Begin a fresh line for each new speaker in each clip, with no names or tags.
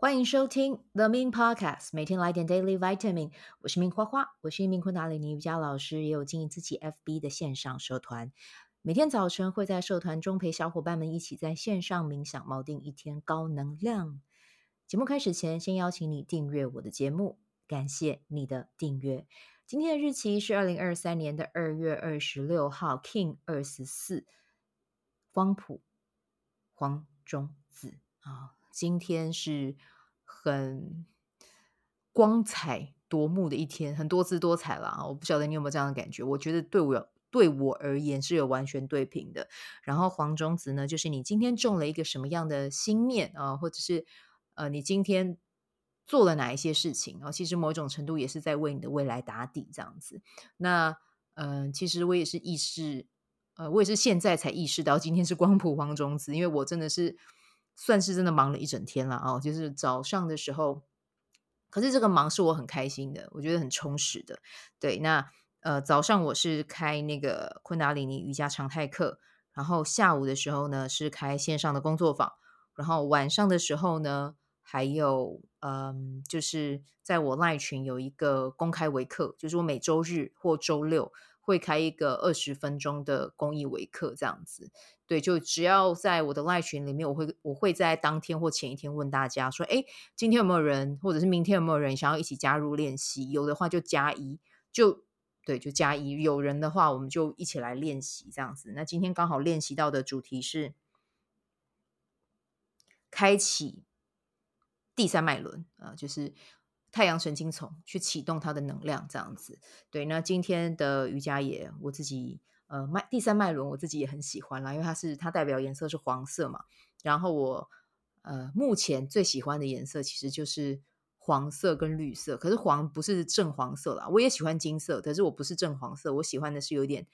歡迎收聽 The Min Podcast，每天來點 Daily Vitamin。我是 Min 花花，我是一名昆達里尼瑜伽老師，也有經營自己 FB 的線上社團。每天早晨會在社團中陪小伙伴們一起在線上冥想，錨定一天高能量。節目開始前，先邀請你訂閱我的節目，感謝你的訂閱。今天的日期是二零二三年的二月二十六號，Kin 二十四，光譜黃種子啊。今天是很
光彩奪目的一天，很多姿多彩了，我不曉得你有沒有這樣的感覺？我覺得對我對我而言是有完全對平的。然後黃種子呢，就是你今天種了一個什麼樣的心念啊，或者是呃，你今天做了哪一些事情，其實某一種程度也是在為你的未來打底這樣子。那嗯、呃，其實我也是意識，呃，我也是現在才意識到今天是光譜黃種子，因為我真的是。算是真的忙了一整天了哦，就是早上的時候，可是這個忙是我很開心的，我覺得很充實的。對，那呃早上我是開那個昆達里尼瑜伽常態課，然後下午的時候呢是開線上的工作坊，然後晚上的時候呢還有嗯、呃、就是在我 Line 群有一個公開微課，就是我每週日或週六。會開一個二十分鐘的公益微課，這樣子，對，就只要在我的賴群裡面，我會我會在當天或前一天問大家說，哎，今天有沒有人，或者是明天有沒有人想要一起加入練習？有的話就加一，就對，就加一。有人的話，我們就一起來練習這樣子。那今天剛好練習到的主題是開啟第三脈輪啊、呃，就是。太陽神經叢去啟動它的能量，這樣子。對，那今天的瑜伽也我自己呃，第三脈輪我自己也很喜歡啦，因為它是它代表顏色是黃色嘛。然後我呃，目前最喜歡的顏色其實就是黃色跟綠色。可是黃不是正黃色啦，我也喜歡金色，可是我不是正黃色，我喜歡的是有點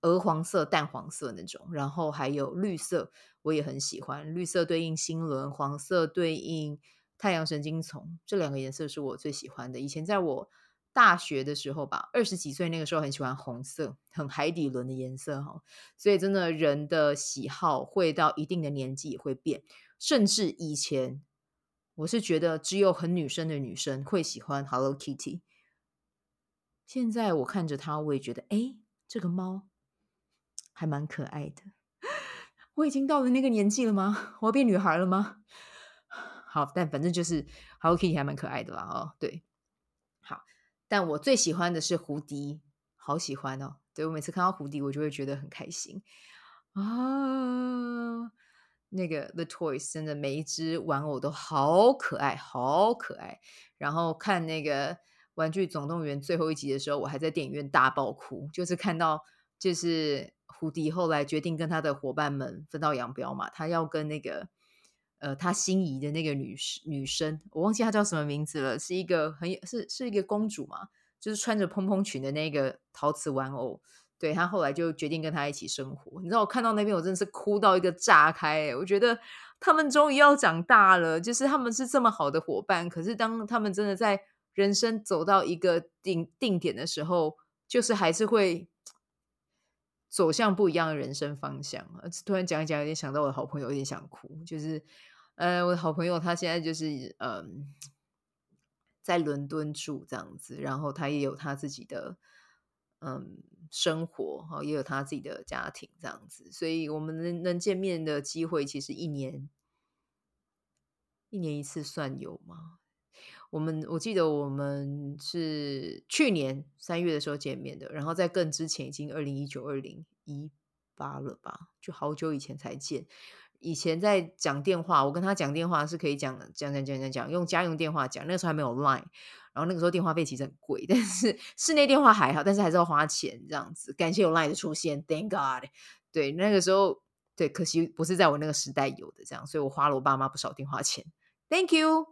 鵝黃色、淡黃色那種。然後還有綠色，我也很喜歡。綠色對應心輪，黃色對應太陽神經叢這兩個顏色是我最喜歡的。以前在我大學的時候吧，二十幾歲那個時候很喜歡紅色，很海底輪的顏色哈、哦。所以，真的人的喜好會到一定的年紀也會變。甚至以前我是覺得只有很女生的女生會喜歡 Hello Kitty，現在我看着它，我也覺得哎，這個貓還蠻可愛的。我已經到了那個年紀了嗎？我要變女孩了嗎？好，但反正就是 Hello Kitty 還蠻可愛的啦。哦，對。好，但我最喜歡的是胡迪，好喜歡哦！對，我每次看到胡迪，我就會覺得很開心啊、哦。那個 The Toys 真的每一隻玩偶都好可愛，好可愛。然後看那個《玩具總動員》最後一集的時候，我還在電影院大爆哭，就是看到就是胡迪後來決定跟他的夥伴們分道揚鑣嘛，他要跟那個。呃，他心儀的那個女女生，我忘記她叫什麼名字了，是一個很，是是一個公主嘛，就是穿着蓬蓬裙的那個陶瓷玩偶。對他後來就決定跟他一起生活。你知道我看到那邊，我真的是哭到一個炸開欸。我覺得他們終於要長大了，就是他們是這麼好的夥伴，可是當他們真的在人生走到一個定定點的時候，就是還是會。走向不一樣的人生方向。突然講一講，有點想到我的好朋友，有點想哭。就是，呃，我的好朋友他現在就是嗯，在倫敦住這樣子，然後他也有他自己的嗯生活，也有他自己的家庭這樣子，所以我們能能見面的機會，其實一年一年一次算有嗎？我們我記得我們是去年三月的時候見面的，然後在更之前已經二零一九二零一八了吧，就好久以前才見。以前在講電話，我跟他講電話是可以講講講講講講，用家用電話講，那個時候還沒有 Line，然後那個時候電話費其實很貴，但是室內電話還好，但是還是要花錢這樣子。感謝有 Line 的出現，Thank God。對，那個時候，對，可惜不是在我那個時代有的這樣，所以我花了我爸媽不少電話錢。Thank you。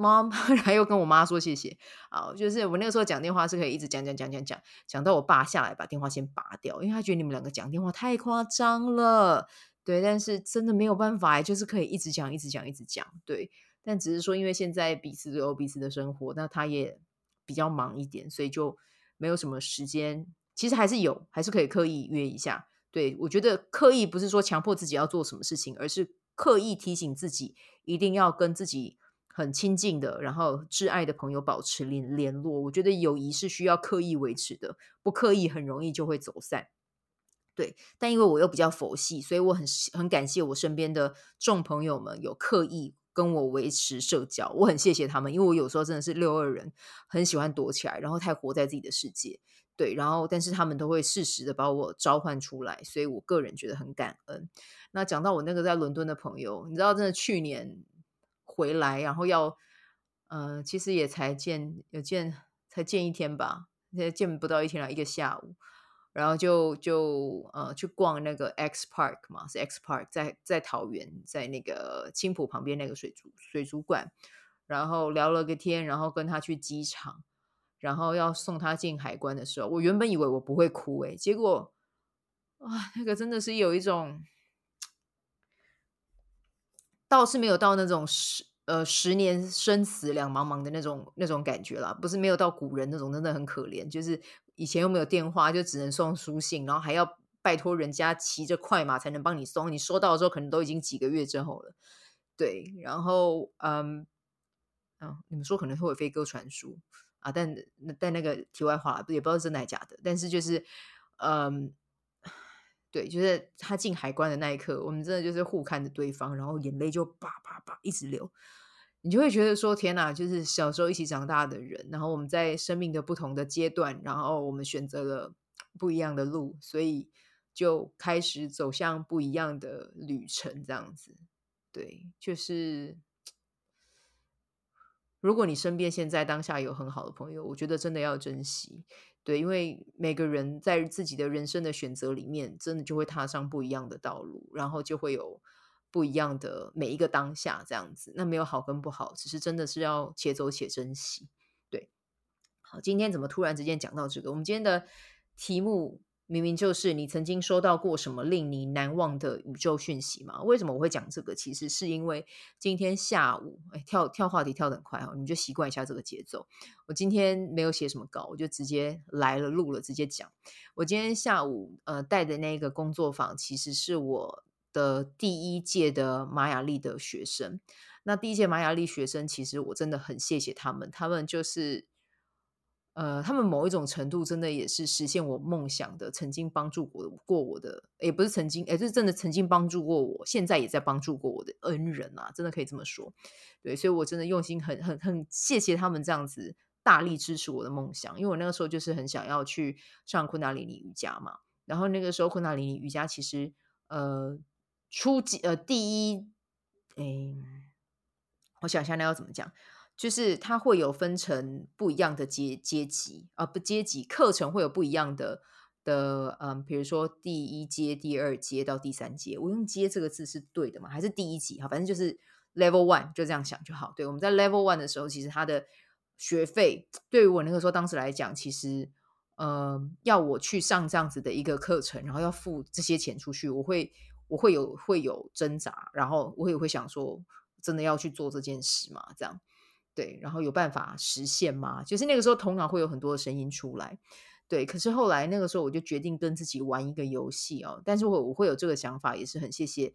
媽，然後又跟我媽說謝謝啊，就是我那個時候講電話是可以一直講講講講講，講到我爸下來把電話先拔掉，因為他覺得你們兩個講電話太誇張了，對。但是真的沒有辦法，就是可以一直講一直講一直講，對。但只是說，因為現在彼此都有彼此的生活，那他也比較忙一點，所以就沒有什麼時間。其實還是有，還是可以刻意約一下。對，我覺得刻意不是說強迫自己要做什麼事情，而是刻意提醒自己一定要跟自己。很親近的，然後摯愛的朋友保持聯聯絡，我覺得友誼是需要刻意維持的，不刻意很容易就會走散。對，但因為我又比較佛系，所以我很很感謝我身邊的眾朋友們有刻意跟我維持社交，我很謝謝他們，因為我有時候真的是六二人，很喜歡躲起來，然後太活在自己的世界。對，然後但是他們都會適時的把我召喚出來，所以我個人覺得很感恩。那講到我那個在倫敦的朋友，你知道，真的去年。回來，然後要，呃，其實也才見，有見才見一天吧，見不到一天了，一個下午，然後就就呃去逛那個 X Park 嘛，是 X Park，在在桃園，在那個青埔旁邊那個水族水族館，然後聊了個天，然後跟他去機場，然後要送他進海關的時候，我原本以為我不會哭誒，結果，哇，那個真的是有一種，倒是沒有到那種呃，十年生死兩茫茫的那種那種感覺啦，不是沒有到古人那種真的很可憐，就是以前又沒有電話，就只能送書信，然後還要拜托人家騎着快馬才能幫你送，你收到的時候可能都已經幾個月之後了。對，然後嗯、啊、你們說可能會有飛鴿傳書啊，但但那個題外話也不知道真的假的，但是就是嗯，對，就是他進海關的那一刻，我們真的就是互看着對方，然後眼淚就叭叭叭一直流。你就會覺得說天哪，就是小時候一起長大的人，然後我們在生命的不同的階段，然後我們選擇了不一樣的路，所以就開始走向不一樣的旅程，這樣子。對，就是如果你身邊現在當下有很好的朋友，我覺得真的要珍惜。對，因為每個人在自己的人生的選擇裡面，真的就會踏上不一樣的道路，然後就會有。不一樣的每一個當下，這樣子，那沒有好跟不好，只是真的是要且走且珍惜。對，好，今天怎麼突然之間講到這個？我們今天的題目明明就是你曾經收到過什麼令你難忘的宇宙訊息嘛？為什麼我會講這個？其實是因為今天下午，哎，跳跳話題跳得很快哦，你就習慣一下這個節奏。我今天沒有寫什麼稿，我就直接來了，錄了，直接講。我今天下午呃帶的那個工作坊，其實是我。的第一屆的馬雅曆的學生，那第一屆馬雅曆學生，其實我真的很謝謝他們。他們就是，呃，他們某一種程度真的也是實現我夢想的，曾經幫助過我的，也、欸、不是曾經，哎、欸，就是真的曾經幫助過我，現在也在幫助過我的恩人啊，真的可以這麼說。對，所以我真的用心很很很謝謝他們這樣子大力支持我的夢想，因為我那個時候就是很想要去上昆達里尼瑜伽嘛。然後那個時候昆達里尼瑜伽其實，呃。初級呃，第一，誒、欸，我想下那要怎麼講？就是它會有分成不一樣的階階級啊、呃，不階級課程會有不一樣的的，嗯、呃，比如說第一階、第二階到第三階，我用“階”這個字是對的嘛？還是第一級哈，反正就是 level one，就這樣想就好。對，我們在 level one 的時候，其實它的學費對於我那個時候當時來講，其實嗯、呃，要我去上這樣子的一個課程，然後要付這些錢出去，我會。我會有會有掙扎，然後我也會想說，真的要去做這件事嘛？這樣，對，然後有辦法實現嘛？就是那個時候，頭腦會有很多的聲音出來，對。可是後來那個時候，我就決定跟自己玩一個遊戲哦。但是我，我我會有這個想法，也是很謝謝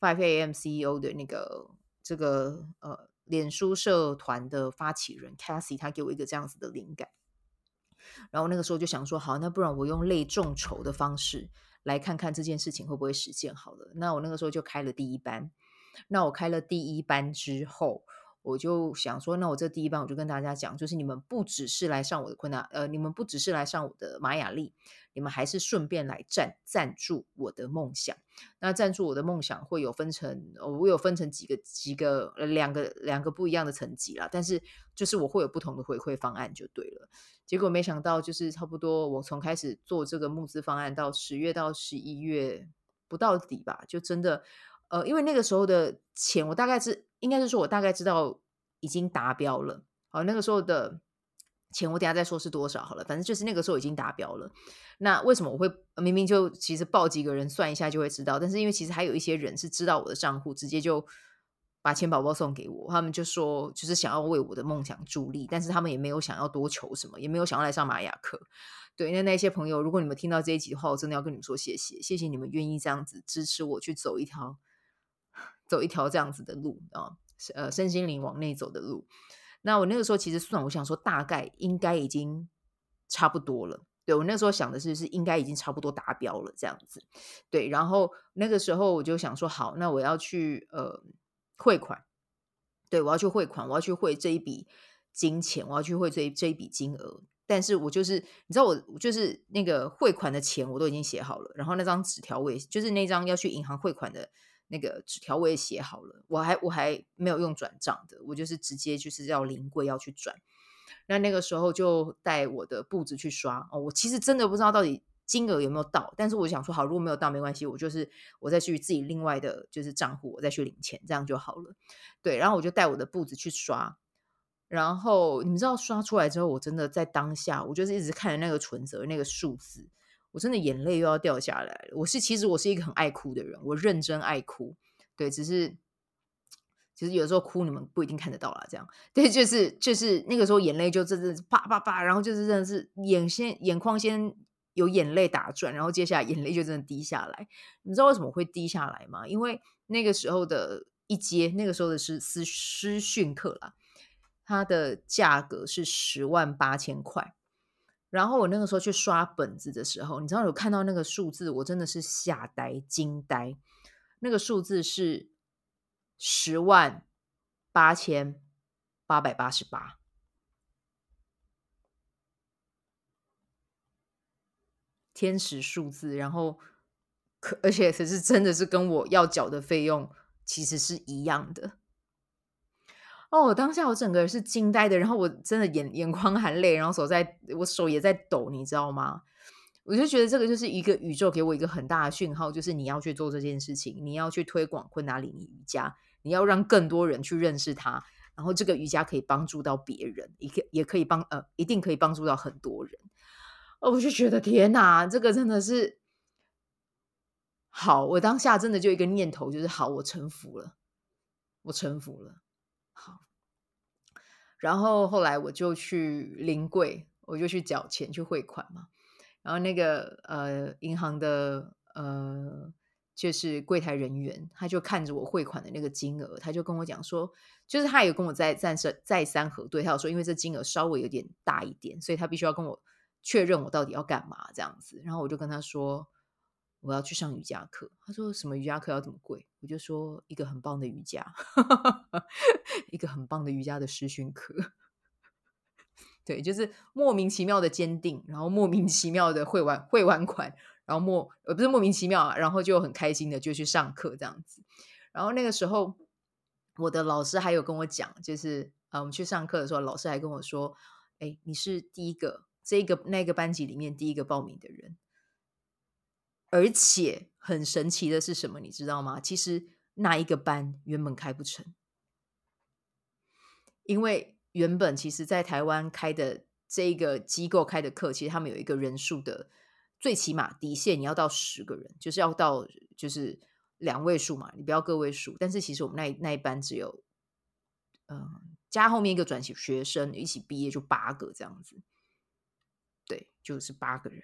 5AM CEO 的那個這個呃臉書社團的發起人 Cassie，他給我一個這樣子的靈感。然後那個時候就想說，好，那不然我用類眾籌的方式。來看看這件事情會不會實現，好了，那我那個時候就開了第一班。那我開了第一班之後，我就想說，那我這第一班，我就跟大家講，就是你們不只是來上我的昆達，呃，你們不只是來上我的馬雅曆，你們還是順便來贊贊助我的夢想。那贊助我的夢想會有分成，我會有分成幾個幾個兩個兩個不一樣的層級啦，但是就是我會有不同的回饋方案就對了。結果沒想到，就是差不多我從開始做這個募資方案到十月到十一月不到底吧，就真的。呃，因為那個時候的錢，我大概是應該是說，我大概知道已經達標了。好，那個時候的錢，我等下再說是多少好了。反正就是那個時候已經達標了。那為什麼我會明明就其實報幾個人算一下就會知道？但是因為其實還有一些人是知道我的賬戶，直接就把錢寶寶送給我。他們就說就是想要為我的夢想助力，但是他們也沒有想要多求什麼，也沒有想要來上瑪雅課。對，那那些朋友，如果你們聽到這一集的話，我真的要跟你們說謝謝，謝謝你們願意這樣子支持我去走一條。走一條這樣子的路啊，呃，身心靈往內走的路。那我那個時候其實算，我想說大概應該已經差不多了。對我那時候想的是，是應該已經差不多達標了這樣子。對，然後那個時候我就想說，好，那我要去呃匯款。對我要去匯款，我要去匯這一筆。金錢，我要去匯這這一筆金額，但是我就是，你知道我，我就是那個匯款的錢我都已經寫好了，然後那張紙條我也就是那張要去銀行匯款的那個紙條我也寫好了，我還我還沒有用轉賬的，我就是直接就是要臨櫃要去轉，那那個時候就帶我的簿子去刷，哦，我其實真的不知道到底金額有沒有到，但是我想說，好，如果沒有到沒關係，我就是我再去自己另外的，就是賬戶我再去領錢，這樣就好了，對，然後我就帶我的簿子去刷。然後你們知道刷出來之後，我真的在當下，我就是一直看着那個存折那個數字，我真的眼淚又要掉下來了。我是其實我是一個很愛哭的人，我認真愛哭，對，只是其實有時候哭你們不一定看得到啦。這樣對，就是就是那個時候眼淚就真的是啪啪啪啪，然後就是真的是眼先眼眶先有眼淚打轉，然後接下來眼淚就真的滴下來。你知道為什麼會滴下來嗎？因為那個時候的一階，那個時候的是師師訓課啦。它的價格是十萬八千塊，然後我那個時候去刷本子的時候，你知道有看到那個數字，我真的是嚇呆、驚呆。那個數字是十萬八千八百八十八，天使數字。然後，可，而且可是真的是跟我要繳的費用其實是一樣的。哦，當下我整個人是驚呆的，然後我真的眼眼眶含淚，然後手在，我手也在抖，你知道嗎？我就覺得這個就是一個宇宙給我一個很大的訊號，就是你要去做這件事情，你要去推廣昆達里尼瑜伽，你要讓更多人去認識它，然後這個瑜伽可以幫助到別人，一個也可以幫呃，一定可以幫助到很多人。哦，我就覺得天哪，這個真的是。好，我當下真的就一個念頭就是好，我臣服了，我臣服了，好。然後後來我就去臨櫃，我就去繳錢去匯款嘛。然後那個呃銀行的呃就是櫃台人員，他就看着我匯款的那個金額，他就跟我講說，就是他有跟我再再，再三再三核對，他有說，因為這金額稍微有點大一點，所以他必須要跟我確認我到底要幹嘛這樣子。然後我就跟他說。我要去上瑜伽課，他說什麼瑜伽課要這麼貴？我就說一個很棒的瑜伽， 一個很棒的瑜伽的師訓課。 對，就是莫名其妙的堅定，然後莫名其妙的匯完匯完款，然後莫，不是莫名其妙啊，然後就很開心的就去上課這樣子。然後那個時候，我的老師還有跟我講，就是啊，我們去上課的時候，老師還跟我說，哎，你是第一個這個那個班級裡面第一個報名的人。而且很神奇的是什麼？你知道嗎？其實那一個班原本開不成，因為原本其實，在台灣開的這個機構開的課，其實他們有一個人數的最起碼底線，你要到十個人，就是要到就是兩位數嘛，你不要個位數。但是其實我們那那一班只有，嗯，加後面一個轉學學生一起畢業就八個這樣子，對，就是八個人。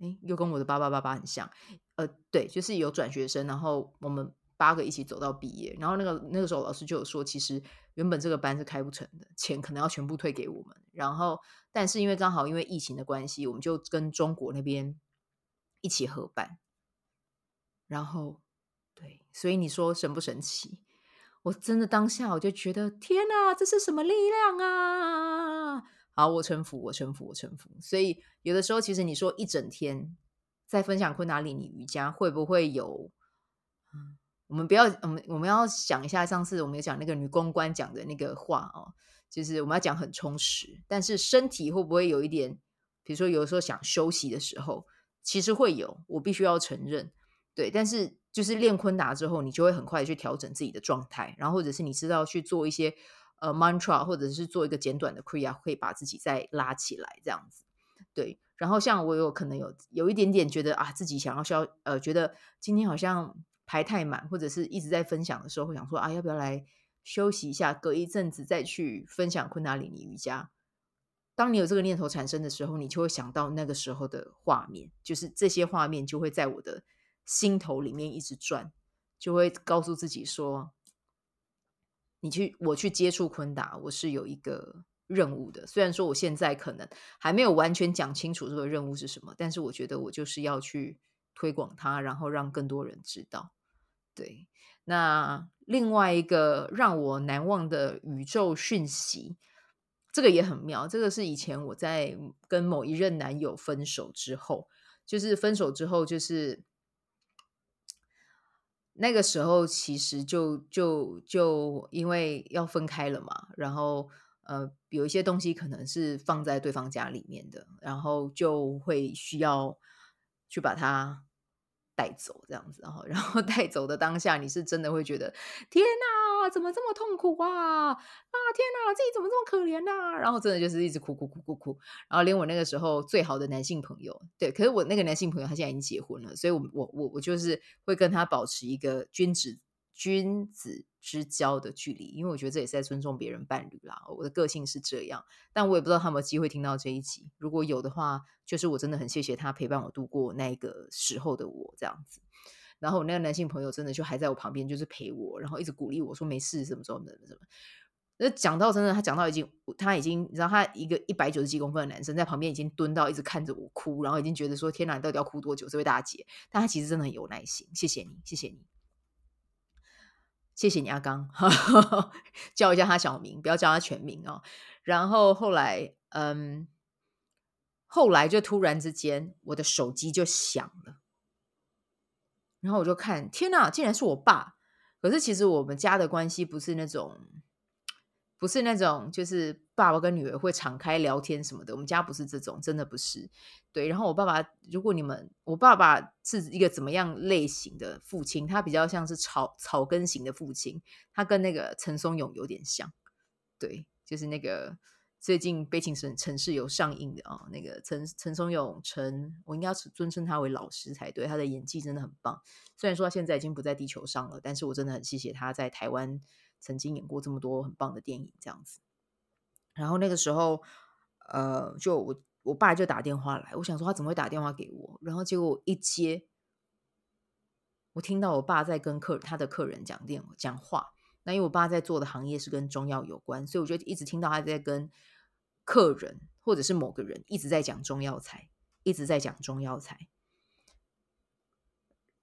哎，又跟我的八八八八很像，呃，對，就是有轉學生，然後我們八個一起走到畢業，然後那個那個時候老師就有說，其實原本這個班是開不成的，錢可能要全部退給我們，然後但是因為剛好因為疫情的關係，我們就跟中國那邊一起合班，然後對，所以你說神不神奇？我真的當下我就覺得，天啊，這是什麼力量啊！好，我臣服，我臣服，我臣服。所以有的時候，其實你說一整天在分享昆達里尼瑜伽，會不會有？嗯，我們不要，我們我們要想一下，上次我們有講那個女公關講的那個話哦，就是我們要講很充實，但是身體會不會有一點？比如說，有的時候想休息的時候，其實會有，我必須要承認。對，但是就是練昆達之後，你就會很快去調整自己的狀態，然後或者是你知道去做一些。呃，mantra，或者是做一個簡短的 kriya，可以把自己再拉起來，這樣子，對。然後像我有可能有有一點點覺得啊，自己想要消，呃，覺得今天好像排太滿，或者是一直在分享的時候，會想說啊，要不要來休息一下，隔一陣子再去分享昆達里尼瑜伽。當你有這個念頭產生的時候，你就會想到那個時候的畫面，就是這些畫面就會在我的心頭裡面一直轉，就會告訴自己說。你去，我去接觸昆達，我是有一個任務的。雖然說我現在可能還沒有完全講清楚這個任務是什麼，但是我覺得我就是要去推廣它，然後讓更多人知道。對，那另外一個讓我難忘的宇宙訊息，這個也很妙。這個是以前我在跟某一任男友分手之後，就是分手之後就是。那個時候其實就就就因為要分開了嘛，然後呃有一些東西可能是放在對方家裡面的，然後就會需要去把它帶走，這樣子，然後然後帶走的當下你是真的會覺得天哪。哇、啊，怎麼這麼痛苦！哇、啊！啊，天哪、啊，自己怎麼這麼可憐啊！然後真的就是一直哭哭哭哭哭，然後連我那個時候最好的男性朋友，對，可是我那個男性朋友他現在已經結婚了，所以我我我我就是會跟他保持一個君子君子之交的距離，因為我覺得這也是在尊重別人伴侶啦。我的個性是這樣，但我也不知道他有沒有機會聽到這一集。如果有的話，就是我真的很謝謝他陪伴我度過那個時候的我這樣子。然後我那個男性朋友真的就還在我旁邊，就是陪我，然後一直鼓勵我說沒事，什麼什麼什麼什麼。那講到真的，他講到已經，他已經，你知道，然後他一個一百九十幾公分的男生在旁邊已經蹲到一直看着我哭，然後已經覺得說天哪，你到底要哭多久，這位大姐？但他其實真的很有耐心，謝謝你，謝謝你，謝謝你，阿剛， 叫一下他小名，不要叫他全名哦。然後後來，嗯，後來就突然之間，我的手機就響了。然後我就看，天哪，竟然是我爸！可是其實我們家的關係不是那種，不是那種，就是爸爸跟女兒會敞開聊天什麼的。我們家不是這種，真的不是。對，然後我爸爸，如果你們，我爸爸是一個怎麼樣類型的父親？他比較像是草草根型的父親，他跟那個陳松勇有點像，對，就是那個。最近悲情城城市有上映的啊，那個陳陳松勇陳，我應該要尊稱他為老師才對，他的演技真的很棒。雖然說他現在已經不在地球上了，但是我真的很謝謝他在台灣曾經演過這麼多很棒的電影這樣子。然後那個時候，呃，就我我爸就打電話來，我想說他怎麼會打電話給我，然後結果一接，我聽到我爸在跟客他的客人講電講話。那因為我爸在做的行業是跟中藥有關，所以我就一直聽到他在跟客人或者是某個人一直在講中藥材，一直在講中藥材。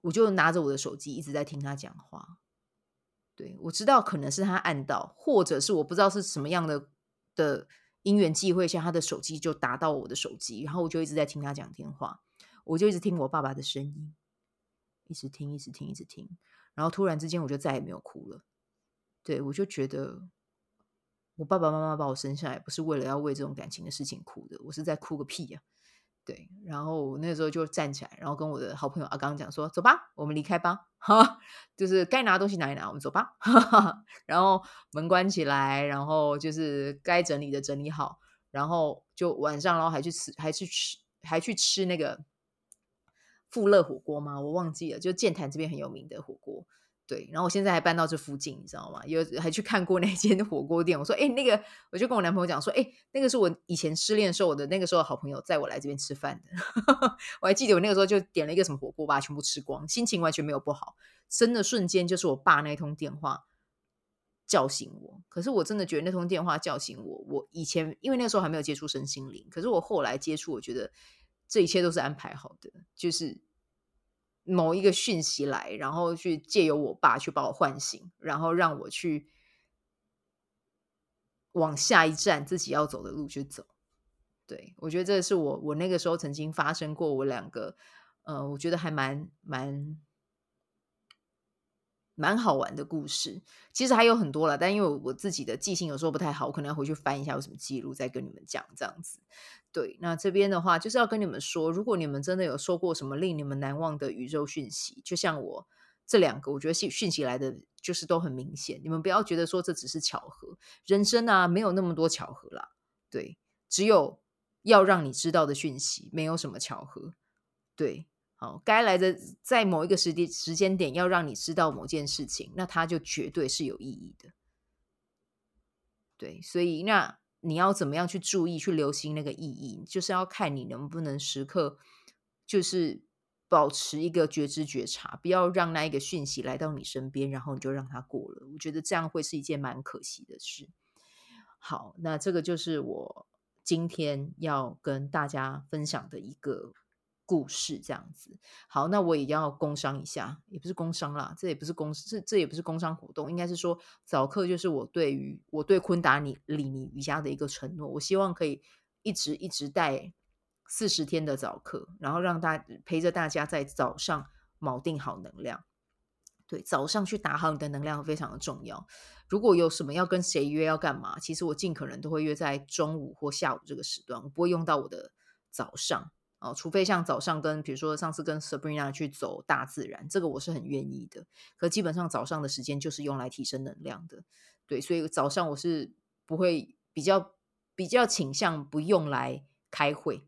我就拿着我的手機一直在聽他講話。對，我知道可能是他按到，或者是我不知道是什麼樣的的因緣際會，像他的手機就打到我的手機，然後我就一直在聽他講電話，我就一直聽我爸爸的聲音，一直聽，一直聽，一直聽，然後突然之間我就再也沒有哭了。對，我就覺得，我爸爸媽媽把我生下來不是為了要為這種感情的事情哭的，我是在哭個屁呀、啊！對，然後那時候就站起來，然後跟我的好朋友阿剛講說：“走吧，我們離開吧。”哈，就是該拿的東西拿一拿，我們走吧呵呵。然後門關起來，然後就是該整理的整理好，然後就晚上，然後還去吃，還去吃，還去吃那個富樂火鍋嗎？我忘記了，就劍潭這邊很有名的火鍋。對，然後我現在還搬到這附近，你知道嗎？有，還去看過那間火鍋店。我說：“哎、欸，那個，我就跟我男朋友講說，哎、欸，那個是我以前失戀的時候我的，那個時候的好朋友載我來這邊吃飯的。 我還記得我那個時候就點了一個什麼火鍋吧，把全部吃光，心情完全沒有不好。真的瞬間就是我爸那通電話叫醒我。可是我真的覺得那通電話叫醒我，我以前因為那個時候還沒有接觸身心靈，可是我後來接觸，我覺得這一切都是安排好的，就是。”某一個訊息來，然後去借由我爸去把我喚醒，然後讓我去往下一站自己要走的路去走。對，我覺得這是我，我那個時候曾經發生過，我兩個，呃，我覺得還蠻，蠻。蠻好玩的故事，其實還有很多啦。但因為我自己的記性有時候不太好，我可能要回去翻一下有什麼記錄，再跟你們講這樣子。對，那這邊的話就是要跟你們說，如果你們真的有收過什麼令你們難忘的宇宙訊息，就像我這兩個，我覺得訊息來的就是都很明顯。你們不要覺得說這只是巧合，人生啊沒有那麼多巧合啦。對，只有要讓你知道的訊息，沒有什麼巧合。對。好，該來的在某一個時間、時間點，要讓你知道某件事情，那它就絕對是有意義的。對，所以那你要怎麼樣去注意、去留心那個意義，就是要看你能不能時刻就是保持一個覺知覺察，不要讓那一個訊息來到你身邊，然後你就讓它過了。我覺得這樣會是一件蠻可惜的事。好，那這個就是我今天要跟大家分享的一個故事這樣子，好，那我也要工商一下，也不是工商啦，這也不是工，這這也不是工商活動，應該是說早課就是我對於我對昆達里，里尼瑜伽的一個承諾，我希望可以一直一直帶四十天的早課，然後讓大陪着大家在早上錨定好能量，對，早上去打好你的能量非常的重要。如果有什麼要跟誰約要幹嘛，其實我儘可能都會約在中午或下午這個時段，我不會用到我的早上。哦，除非像早上跟比如說上次跟 Sabrina 去走大自然，這個我是很願意的。可基本上早上的時間就是用來提升能量的，對，所以早上我是不會比較比較傾向不用來開會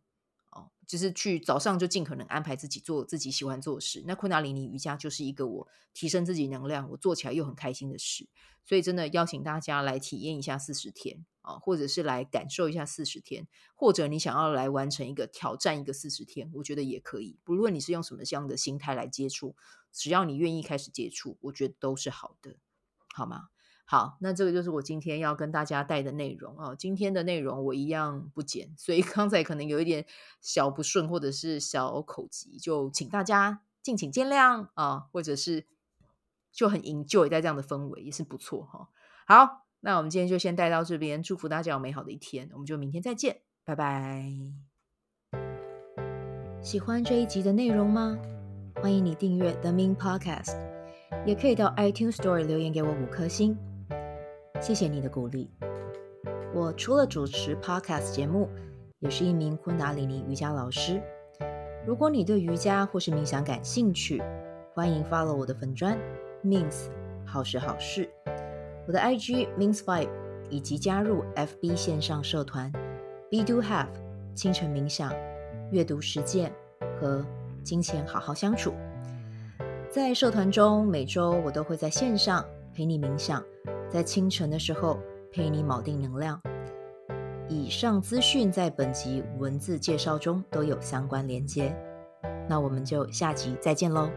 哦，就是去早上就盡可能安排自己做自己喜歡做的事。那昆達里尼瑜伽就是一個我提升自己能量、我做起來又很開心的事，所以真的邀請大家來體驗一下四十天。啊，或者是來感受一下四十天，或者你想要來完成一個挑戰一個四十天，我覺得也可以。不論你是用什麼這樣的心態來接觸，只要你願意開始接觸，我覺得都是好的，好嗎？好，那這個就是我今天要跟大家帶的內容啊、哦。今天的內容我一樣不剪，所以剛才可能有一點小不順或者是小口急，就請大家敬請見諒啊、哦，或者是就很 enjoy 在這樣的氛圍也是不錯哈、哦。好。那我們今天就先帶到這邊，祝福大家有美好的
一天。我們就明天再見，拜拜。喜歡這一集的內容嗎？歡迎你訂閱 The Min Podcast，也可以到 iTunes Store 留言給我五顆星，謝謝你的鼓勵。我除了主持 Podcast 節目，也是一名昆達里尼瑜伽老師。如果你對瑜伽或是冥想感興趣，歡迎 follow 我的粉專 Mins 好時好事。我的 IG Minsvibe，以及加入 FB 線上社團 Be Do Have 清晨冥想、閱讀實踐和金錢好好相處。在社團中，每周我都會在線上陪你冥想，在清晨的時候陪你錨定能量。以上資訊在本集文字介紹中都有相關連接。那我們就下集再見嘍。